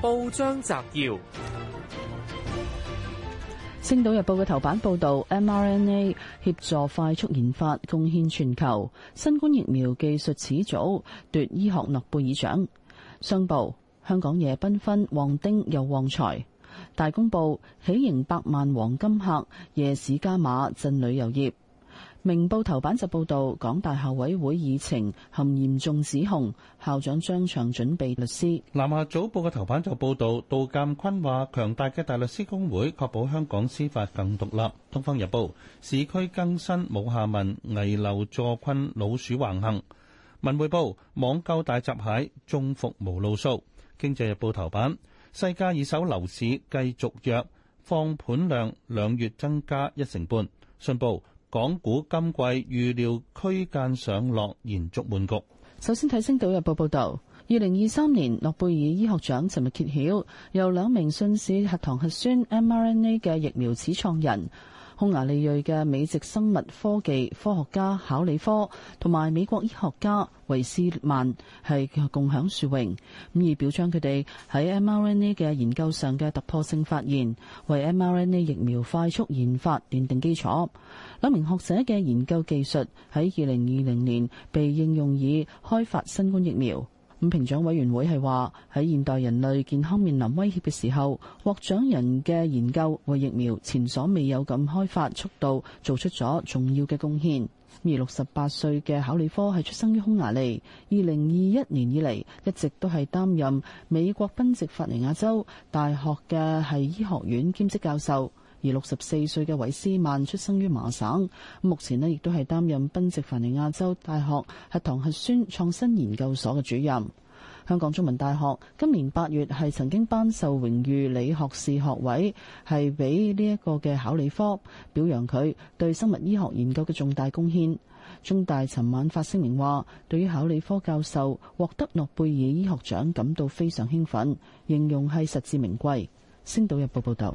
報章摘要：《星島日報》嘅頭版報道，mRNA 協助快速研發，貢獻全球新冠疫苗技術始祖奪醫學諾貝爾獎。商報：香港夜繽紛，旺丁又旺財。大公報：喜迎百萬黃金客，夜市加碼振旅遊業。明報頭版就報道，港大校委會議程含嚴重指控，校長張翔準備律師。南下早報嘅頭版就報道，杜鑑坤話：強大嘅大律師公會確保香港司法更獨立。東方日報，市區更新冇下文，危樓助困老鼠橫行。文匯報，網購大閘蟹中服無路數。經濟日報頭版，世界二手樓市繼續弱，放盤量兩月增加一成半。信報。港股今季預料區間上落，延續悶局。首先睇《星島日報》報導，二零二三年諾貝爾醫學獎尋日揭曉，由兩名信使核糖核酸 mRNA 嘅疫苗始創人。匈牙利裔嘅美籍生物科技科學家考里科同埋美國醫學家維斯曼係共享殊榮，咁以表彰佢哋喺 mRNA 嘅研究上嘅突破性發現，為 mRNA 疫苗快速研發奠定基礎。兩名學者嘅研究技術喺二零二零年被應用以開發新冠疫苗。咁評獎委員會係話喺現代人類健康面臨威脅嘅時候，獲獎人嘅研究為疫苗前所未有咁開發速度做出咗重要嘅貢獻。而六十八歲嘅考利科係出生於匈牙利，二零二一年以嚟一直都係擔任美國賓夕法尼亞州大學嘅係醫學院兼職教授。而六十四歲嘅韋斯曼出生於麻省，目前咧亦都係擔任賓夕凡尼亞州大學核糖核酸創新研究所嘅主任。香港中文大學今年八月係曾經頒授榮譽理學士學位，係俾呢一個嘅考理科表揚佢對生物醫學研究嘅重大貢獻。中大尋晚發聲明話，對於考理科教授獲得諾貝爾醫學獎感到非常興奮，形容係實至名歸。星島日報報道。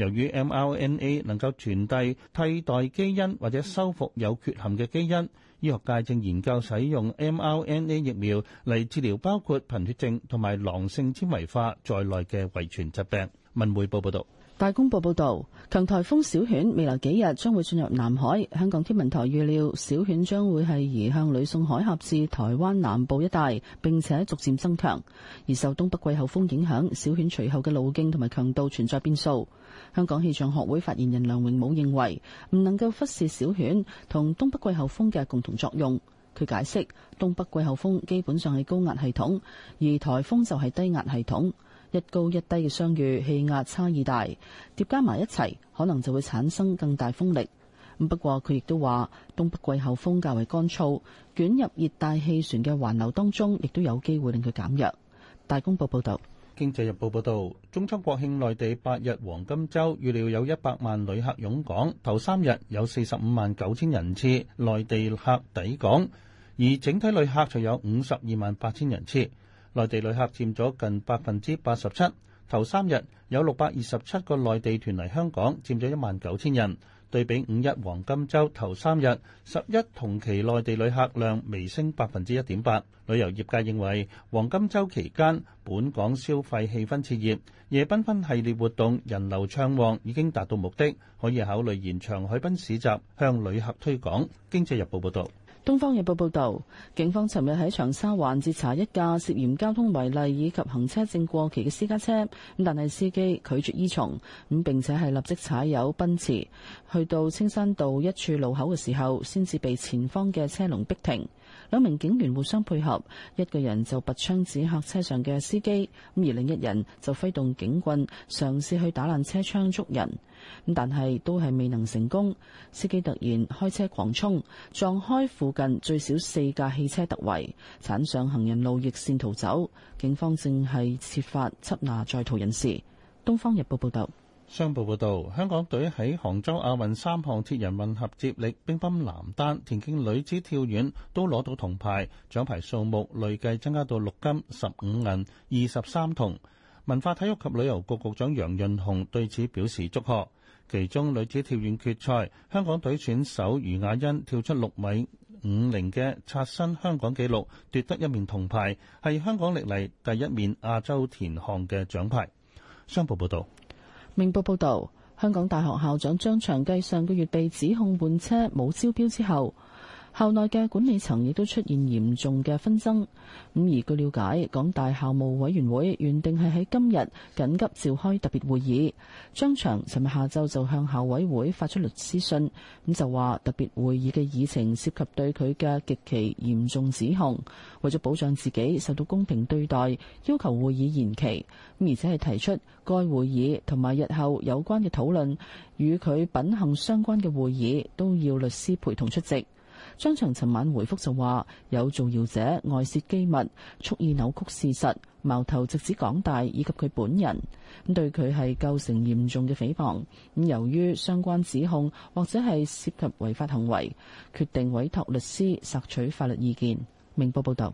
由於 mRNA 能夠傳遞替代基因或者修復有缺陷嘅基因，醫學界正研究使用 mRNA 疫苗嚟治療包括貧血症同埋囊性纖維化在內嘅遺傳疾病。文匯報報道。大公報報導，強颱風小犬未來幾日將會進入南海。香港天文台預料，小犬將會係移向呂宋海峽至台灣南部一帶，並且逐漸增強。而受東北季候風影響，小犬隨後嘅路徑同埋強度存在變數。香港氣象學會發言人梁榮武認為，唔能夠忽視小犬同東北季候風嘅共同作用。佢解釋，東北季候風基本上係高壓系統，而颱風就係低壓系統。一高一低嘅相遇，氣壓差異大，疊加埋一齊，可能就會產生更大風力。咁不過佢亦都話，東北季候風較為乾燥，捲入熱帶氣旋嘅環流當中，亦都有機會令佢減弱。大公報報道。經濟日報報道，中秋國慶內地八日黃金週預料有一百萬旅客湧港，頭三日有四十五萬九千人次內地客抵港，而整體旅客就有五十二萬八千人次。內地旅客佔咗近百分之八十七，頭三日有六百二十七個內地團嚟香港，佔咗一萬九千人，對比五一黃金週頭三日十一同期內地旅客量微升百分之一點八。旅遊業界認為黃金週期間本港消費氣氛熾熱，夜繽紛系列活動人流暢旺已經達到目的，可以考慮延長海濱市集向旅客推廣。經濟日報報導。東方日報報道，警方尋日喺長沙灣截查一架涉嫌交通違例以及行車證過期嘅私家車，但係司機拒絕依從，咁並且係立即踩油奔馳，去到青山道一處路口嘅時候，先至被前方嘅車龍逼停。兩名警員互相配合，一個人就拔槍指嚇車上嘅司機，咁而另一人就揮動警棍嘗試去打爛車窗捉人，但係都係未能成功。司機突然開車狂衝，撞開附近。近最少四架汽車突圍，闖上行人路逆線逃走，警方正係設法緝拿在逃人士。《東方日報》報道，商報報道，香港隊喺杭州亞運三項鐵人混合接力、乒乓男單、田徑女子跳遠都攞到銅牌，獎牌數目累計增加到六金、十五銀、二十三銅。文化體育及旅遊局局長楊潤雄對此表示祝賀。其中女子跳遠決賽，香港隊選手余雅欣跳出六米五零嘅刷新香港紀錄，奪得一面銅牌，係香港歷嚟第一面亞洲田徑嘅獎牌。商報報道，明報報道，香港大學校長張長驥上個月被指控換車冇招標之後，校內嘅管理層亦都出現嚴重嘅紛爭，咁而據了解，港大校務委員會原定係喺今日緊急召開特別會議。張翔尋日下晝就向校委會發出律師信，咁就話特別會議嘅議程涉及對佢嘅極其嚴重指控，為咗保障自己受到公平對待，要求會議延期，而且係提出該會議同埋日後有關嘅討論，與佢品行相關嘅會議都要律師陪同出席。張翔尋晚回覆就話有造謠者外泄機密，蓄意扭曲事實，矛頭直指港大以及佢本人咁，對佢係構成嚴重嘅誹謗咁。由於相關指控或者係涉及違法行為，決定委託律師索取法律意見。明報報道，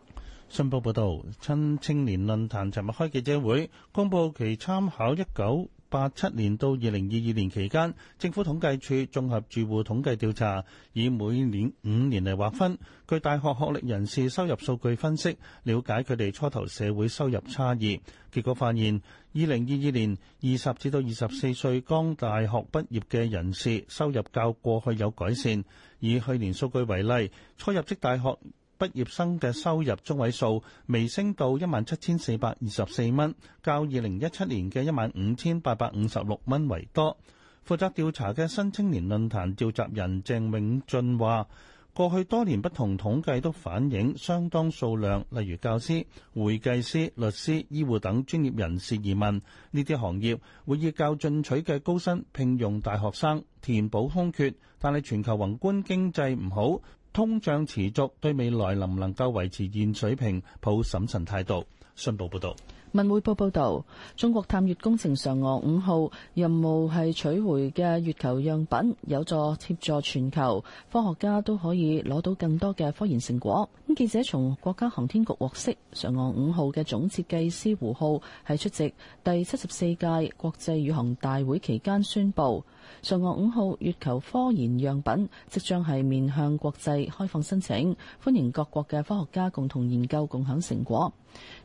信報報道，親青年論壇尋日開記者會公布其參考一九。八七年到二零二二年期間，政府統計處綜合住戶統計調查，以每年五年嚟劃分，據大學學歷人士收入數據分析，了解佢哋初頭社會收入差異。結果發現，二零二二年二十至到二十四歲剛大學畢業嘅人士收入較過去有改善。以去年數據為例，初入職大學。畢業生嘅收入中位數微升到一萬七千四百二十四蚊，較二零一七年嘅一萬五千八百五十六蚊為多。負責調查嘅新青年論壇召集人鄭永俊話，過去多年不同統計都反映相當數量，例如教師、會計師、律師、醫護等專業人士移民。呢啲行業會以較進取嘅高薪聘用大學生填補空缺，但係全球宏觀經濟唔好。通脹持續，對未來能唔能夠維持現水平抱審慎態度。信報報道：「文匯報報道，中國探月工程嫦娥五號任務係取回嘅月球樣品，有助協助全球科學家都可以攞到更多嘅科研成果。咁記者從國家航天局獲悉，嫦娥五號嘅總設計師胡浩喺出席第七十四屆國際宇航大會期間宣布。嫦娥五號月球科研樣品即將係面向國際開放申請，歡迎各國嘅科學家共同研究，共享成果。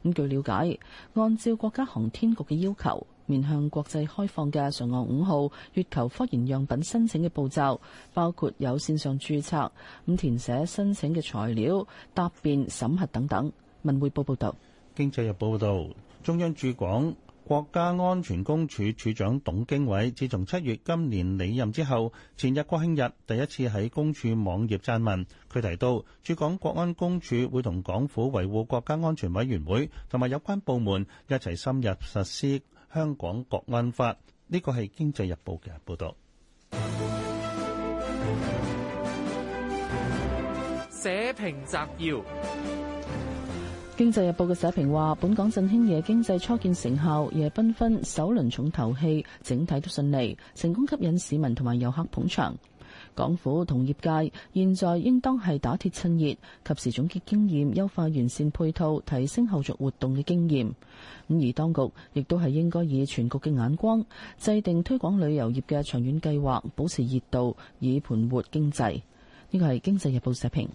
咁據了解，按照國家航天局嘅要求，面向國際開放嘅嫦娥五號月球科研樣品申請嘅步驟包括有線上注冊，咁填寫申請嘅材料、答辯、審核等等。文匯報報道，經濟日報報道，中央駐港。國家安全公署署長董經緯自從七月今年離任之後，前日國慶日第一次喺公署網頁撰文，佢提到駐港國安公署會同港府維護國家安全委員會同埋有關部門一齊深入實施香港國安法。呢個係《經濟日報》嘅報道。社評摘要。經濟日報嘅社評話：本港振興夜經濟初見成效，夜繽紛首輪重頭戲整體都順利，成功吸引市民同埋遊客捧場。港府同業界現在應當係打鐵趁熱，及時總結經驗，優化完善配套，提升後續活動嘅經驗。咁而當局亦都係應該以全局嘅眼光制定推廣旅遊業嘅長遠計劃，保持熱度以盤活經濟。呢個係經濟日報社評。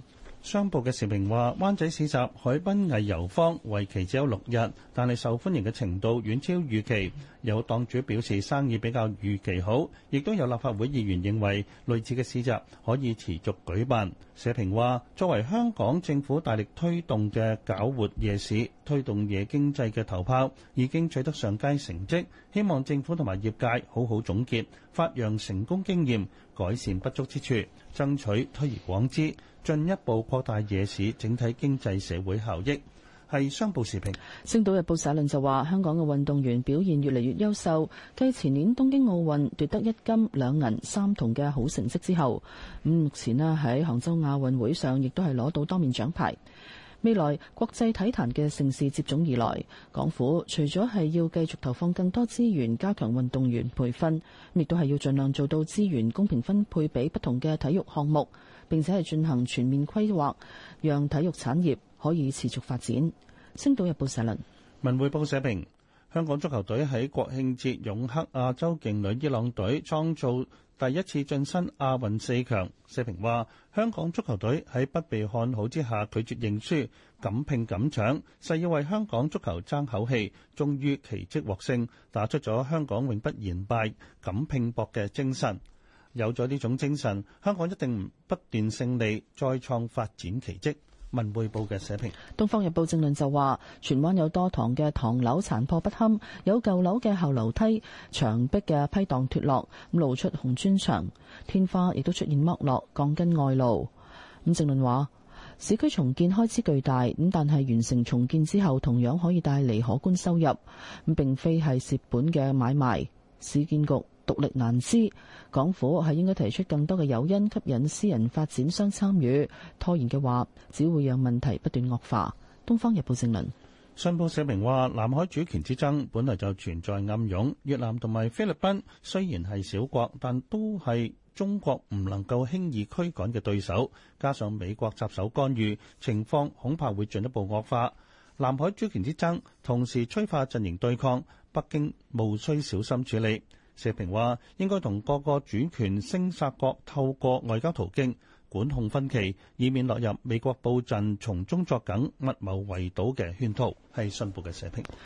商報嘅社評話，灣仔市集海濱藝遊坊為期只有六日，但係受歡迎嘅程度遠超預期。有檔主表示生意比較預期好，亦都有立法會議員認為類似嘅市集可以持續舉辦。社評話，作為香港政府大力推動嘅搞活夜市，推動夜經濟嘅頭炮已經取得上佳成績，希望政府同埋業界好好總結，發揚成功經驗，改善不足之處，爭取推而廣之，進一步擴大夜市整體經濟社會效益。係商報時評，《星島日報》社論就話：香港嘅運動員表現越嚟越優秀，繼前年東京奧運奪得一金兩銀三銅嘅好成績之後，咁目前呢喺杭州亞運會上亦都係攞到多面獎牌。未來國際體壇嘅盛事接踵而來，港府除咗係要繼續投放更多資源加強運動員培訓，亦都係要盡量做到資源公平分配俾不同嘅體育項目，並且係進行全面規劃，讓體育產業可以持續發展。星島日報社論、文匯報社評。香港足球隊喺國慶節勇克亞洲勁旅伊朗隊，創造第一次晉身亞運四強。社評話：香港足球隊喺不被看好之下拒絕認輸，敢拼敢搶，誓要為香港足球爭口氣，終於奇蹟獲勝，打出咗香港永不言敗、敢拼搏嘅精神。有咗呢種精神，香港一定不斷勝利，再創發展奇蹟。文匯報嘅社評，《東方日報》正論就話：荃灣有多幢嘅唐樓殘破不堪，有舊樓嘅後樓梯牆壁嘅批蕩脱落，露出紅磚牆，天花亦都出現剝落、鋼筋外露。咁正論話，市區重建開支巨大，咁但係完成重建之後，同樣可以帶嚟可觀收入，咁並非係蝕本嘅買賣。市建局。獨力難支，港府係應該提出更多嘅誘因，吸引私人發展商參與。拖延嘅話，只會讓問題不斷惡化。《東方日報》評論，信報社評話：南海主權之爭本來就存在暗湧，越南同埋菲律賓雖然係小國，但都係中國唔能夠輕易驅趕嘅對手。加上美國插手干預，情況恐怕會進一步惡化。南海主權之爭同時催化陣營對抗，北京務需小心處理。社評話：應該同各個主權聲索國透過外交途徑管控分歧，以免落入美國布陣、從中作梗、密謀圍堵嘅圈套。係信報嘅社評。